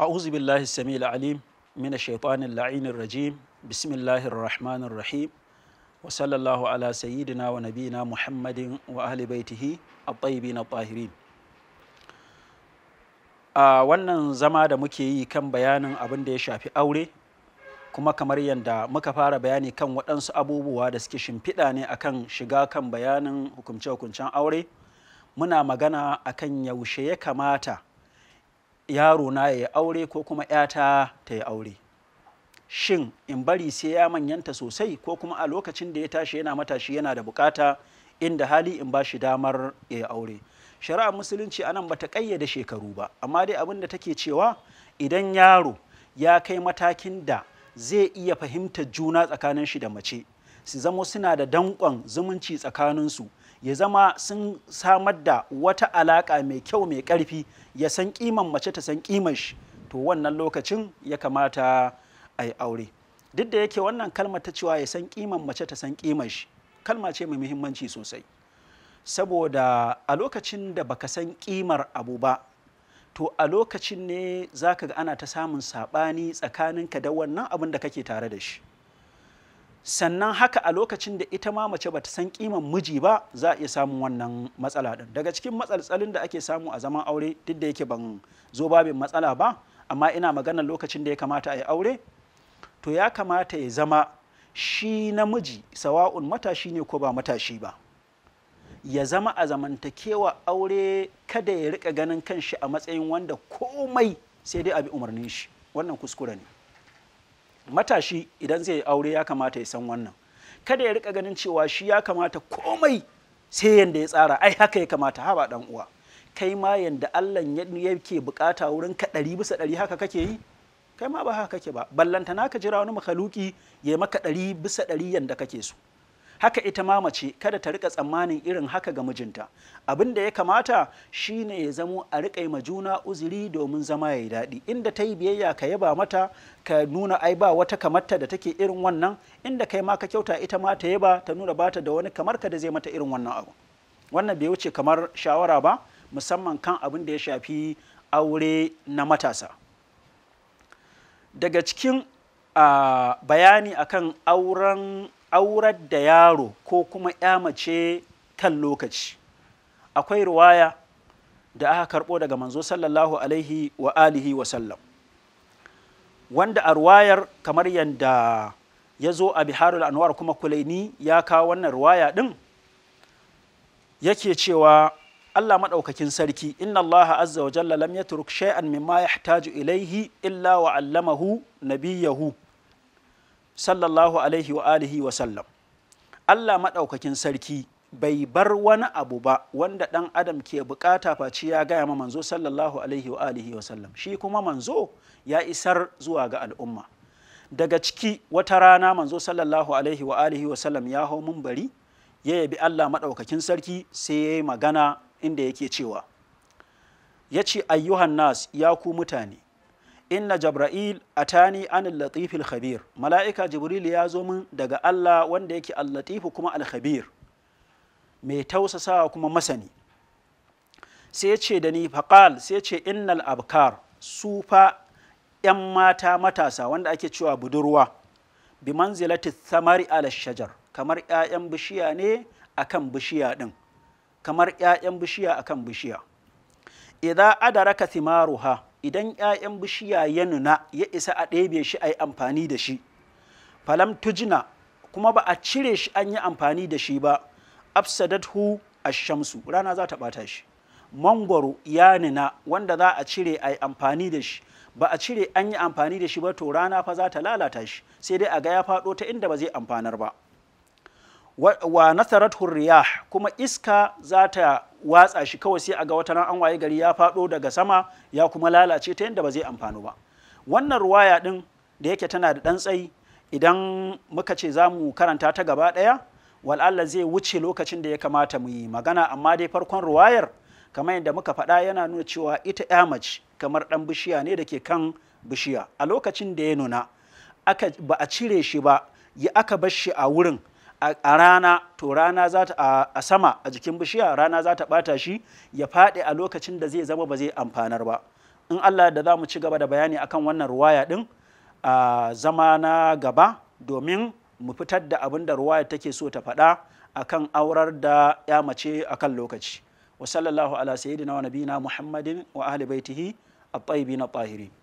أعوذ بالله السميع العليم من الشيطان اللعين الرجيم بسم الله الرحمن الرحيم وصلى الله على سيدنا ونبينا محمد وأهل بيته الطيبين الطاهرين a wannan zama da muke yi kan bayanin abin da ya shafi aure kuma kamar yadda muka fara bayani kan waɗansu abubuwa da suke shimfiɗa ne akan shiga kan bayanin hukumce-hukuncen aure muna magana akan yaushe ya kamata yaro na ya aure ko kuma ‘yata ta yi aure shin in bari sai ya manyanta sosai ko kuma a lokacin da ya tashi yana matashi yana da bukata inda hali in ba shi damar ya yi aure shari'ar musulunci anan bata kayyada shekaru ba amma dai abin da take cewa idan yaro ya kai matakin da zai iya fahimtar juna tsakanin shi da mace su zamo suna da danƙon zumunci tsakaninsu ya zama sun samar da wata alaƙa mai kyau mai ƙarfi ya san ƙiman mace ta san ƙiman shi to wannan lokacin ya kamata a yi aure duk da yake wannan kalmar ta cewa ya san ƙiman mace ta san ƙiman shi kalma ce mai muhimmanci sosai saboda a lokacin da baka san ƙimar abu ba to a lokacin ne za ka ga ana ta samun saɓani tsakaninka da wannan abin da kake tare da shi sannan haka a lokacin da ita ma mace bata san kiman miji ba za a iya samun wannan matsala din daga cikin matsaltsalin da ake samu a zaman aure duk da yake ban zo babin matsala ba amma ina maganar lokacin da ya kamata a yi aure to ya kamata ya zama shi namiji sawa'un matashi ne ko ba matashi ba ya zama a zamantakewa aure kada ya rika ganin kanshi a matsayin wanda komai sai dai a bi umarnin shi wannan kuskure ne matashi idan zai aure ya kamata ya san wannan kada ya rika ganin cewa shi ya kamata komai sai yanda ya tsara ai haka ya kamata haba dan uwa kai ma yanda Allah yake bukata wurin ka ɗari bisa ɗari haka kake yi kai ma ba haka kake ba ballanta ka jira wani makhaluki ya maka ɗari bisa ɗari yanda kake so haka ita ma mace kada ta rika tsammanin irin haka ga mijinta abin da ya kamata shine ya zamo a rika ma juna uzuri domin zama ya yi daɗi inda ta yi biyayya ka yaba mata ka nuna ai ba wata kamarta da take irin wannan inda kai ma ka kyauta ita ma ta yaba ta nuna bata da wani kamar ka da zai mata irin wannan abu wannan bai wuce kamar shawara ba musamman kan abin da ya shafi aure na matasa daga cikin uh, bayani akan auren aurar da yaro ko kuma ya mace kan lokaci akwai ruwaya da aka karɓo daga manzo sallallahu alaihi wa alihi wa sallam wanda a ruwayar kamar yadda ya zo a biharul anwar kuma kulaini ya kawo wannan ruwaya ɗin yake cewa Allah maɗaukakin sarki inna Allah azza wa jalla lam yatruk shay'an mimma yahtaju ilaihi illa wa allamahu nabiyahu sallallahu alaihi wa alihi wa sallam Allah maɗaukakin sarki bai bar wani abu ba wanda ɗan adam ke bukata face ya gaya ma manzo sallallahu alaihi wa alihi wa sallam shi kuma manzo ya isar zuwa ga al'umma daga ciki wata rana manzo sallallahu alaihi wa alihi wa sallam ya hau bari ya yabi Allah maɗaukakin sarki sai ya yi magana inda yake cewa ya ce ayyuhan nas ya ku mutane inna jabra'il atani anil latifil khabir mala'ika jibril ya zo min daga Allah wanda yake al-latifu kuma al-khabir mai tausasawa kuma masani sai ce da ni faqal sai ce innal abkar su fa yan mata matasa wanda ake cewa budurwa bi manzilati thamari ala shajar kamar 'ya'yan bishiya ne akan bishiya din kamar 'ya'yan bishiya akan bishiya idza adaraka thimaruha idan 'ya'yan bishiya ya nuna ya isa a ɗebe shi a yi amfani da shi falam tujina kuma ba a cire shi an yi amfani da shi ba a shamsu rana za ta ɓata shi mangwaro ya nuna wanda za a cire a yi amfani da shi ba a cire an yi amfani da shi ba to rana fa za ta lalata shi sai dai a ga ya faɗo ta inda ba zai amfanar ba wa, wa nasarathu riyah kuma iska za ta watsa shi kawai sai a ga wata an waye gari ya faɗo daga sama ya kuma lalace ta yadda ba zai amfanu ba wannan ruwaya din da yake tana da ɗan tsayi idan muka ce za mu karanta ta gaba ɗaya wal'alla zai wuce lokacin da ya kamata mu yi magana amma dai farkon ruwayar kamar yadda muka faɗa yana nuna cewa ita ya mace kamar ɗan bishiya ne da ke kan bishiya a lokacin da ya nuna ba a cire shi ba ya aka bar shi a wurin a rana to rana za ta a sama a jikin bishiya rana za ta bata shi ya faɗi a lokacin da zai zama ba zai amfanar ba in Allah da za mu ci gaba da bayani akan wannan ruwaya din a zama na gaba domin mu fitar da abin da ruwaya take so ta faɗa akan aurar da ya mace akan lokaci wa sallallahu ala sayyidina wa nabiyina muhammadin wa ahli baitihi at-tayyibin at-tahirin